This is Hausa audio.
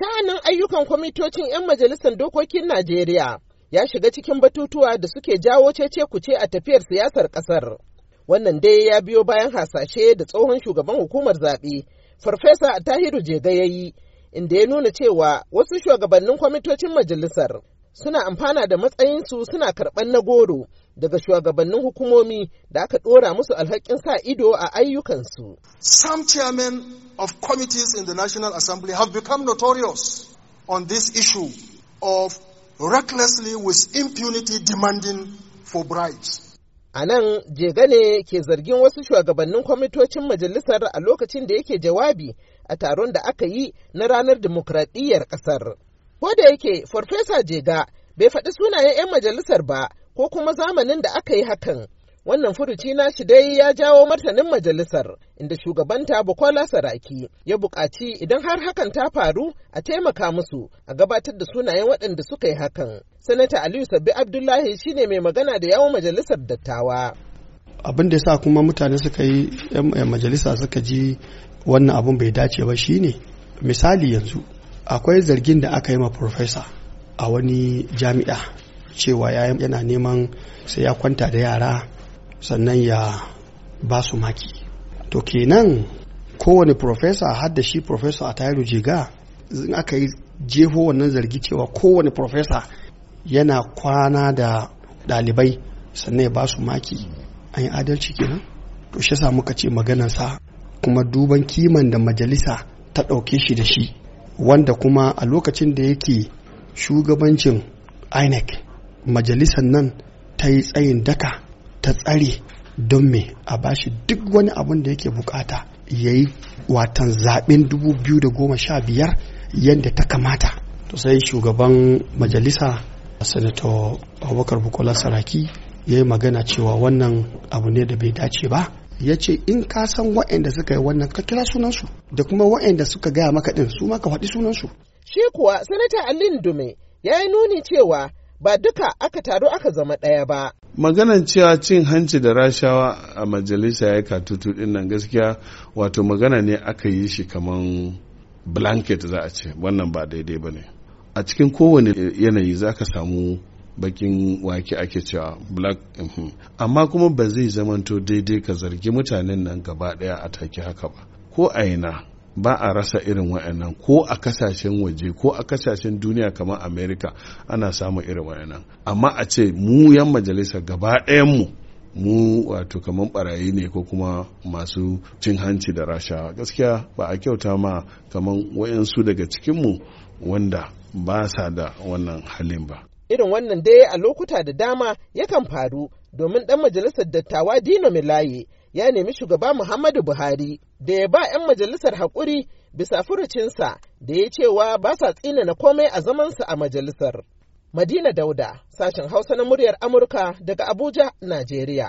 Sha'anin ayyukan kwamitocin 'yan majalisar dokokin Najeriya ya shiga cikin batutuwa da suke jawo cece kuce a tafiyar siyasar ƙasar. Wannan dai ya biyo bayan hasashe da tsohon shugaban hukumar zaɓe, Farfesa Tahiru Jega ya yi, inda ya nuna cewa wasu shugabannin kwamitocin majalisar suna amfana da matsayinsu suna karɓar na goro daga shugabannin hukumomi da aka ɗora musu alhakin sa ido a ayyukansu. Some chairmen of committees in the National Assembly have become notorious on this issue of recklessly with impunity demanding for bribes. A nan jegane ke zargin wasu shugabannin kwamitocin majalisar a lokacin da yake jawabi a taron da aka yi na ranar dimokuraɗiyyar ƙasar. Ko da yake Farfesa Jega bai faɗi sunayen 'yan majalisar ba ko kuma zamanin da aka yi hakan. Wannan furuci na shi dai ya jawo martanin majalisar inda shugabanta Bukola Saraki ya buƙaci idan har hakan ta faru a taimaka musu a gabatar da sunayen waɗanda suka yi hakan. Sanata Aliyu Sabbi Abdullahi shine mai magana da yawon majalisar dattawa. Abin da ya sa kuma mutane suka yi majalisa suka ji wannan abin bai dace ba shine misali yanzu akwai zargin da aka yi ma profesa a wani jami'a cewa yana neman sai ya kwanta da yara sannan ya ba su maki to kenan kowane profesa har da shi profesa a tayaru jiga in aka yi jeho wannan zargi cewa kowane profesa yana kwana da ɗalibai sannan ya ba su maki an yi adalci kenan to shi sa muka ce maganarsa kuma duban kiman da majalisa ta ɗauke shi da shi wanda kuma a lokacin da yake shugabancin inec majalisar nan ta yi tsayin daka ta tsare don me a bashi duk wani abun da yake bukata ya yi watan zaben 2015 yadda ta kamata to sai shugaban majalisa sanato abubakar bukola saraki ya yi magana cewa wannan abu ne da bai dace ba ya ce in ka san waɗanda suka yi wannan ka kira sunansu da kuma waɗanda suka gaya maka ɗin su maka faɗi sunansu. Shi kuwa sanata Alin Dume ya yi nuni cewa ba duka aka taru aka zama ɗaya ba. Maganan cewa cin hanci da rashawa a majalisa ya katutu ɗin nan gaskiya wato magana ne aka yi shi kaman blanket za a ce wannan ba daidai ba ne. A cikin kowane yanayi za ka samu bakin wake ake cewa black mhm. amma kuma ba zai zamanto daidai ka zargi mutanen nan gaba daya a take haka ba ko aina ba a rasa irin wayannan ko a kasashen waje ko a kasashen duniya kamar america ana samun irin wayannan. amma a ce mu yan majalisa gaba mu mu wato kamar barayi ne ko kuma masu cin hanci da rasha gaskiya ba a kyauta ma kamar wayansu daga cikinmu wanda ba sa da wannan halin ba Irin wannan dai a lokuta da dama yakan faru domin ɗan majalisar dattawa Dino Milaye ya nemi shugaba Muhammadu Buhari da ya ba 'yan majalisar haƙuri bisa furucinsa da ya cewa ba sa tsina na komai a zamansa a majalisar. Madina Dauda, sashen Hausa na muryar Amurka daga Abuja, Najeriya.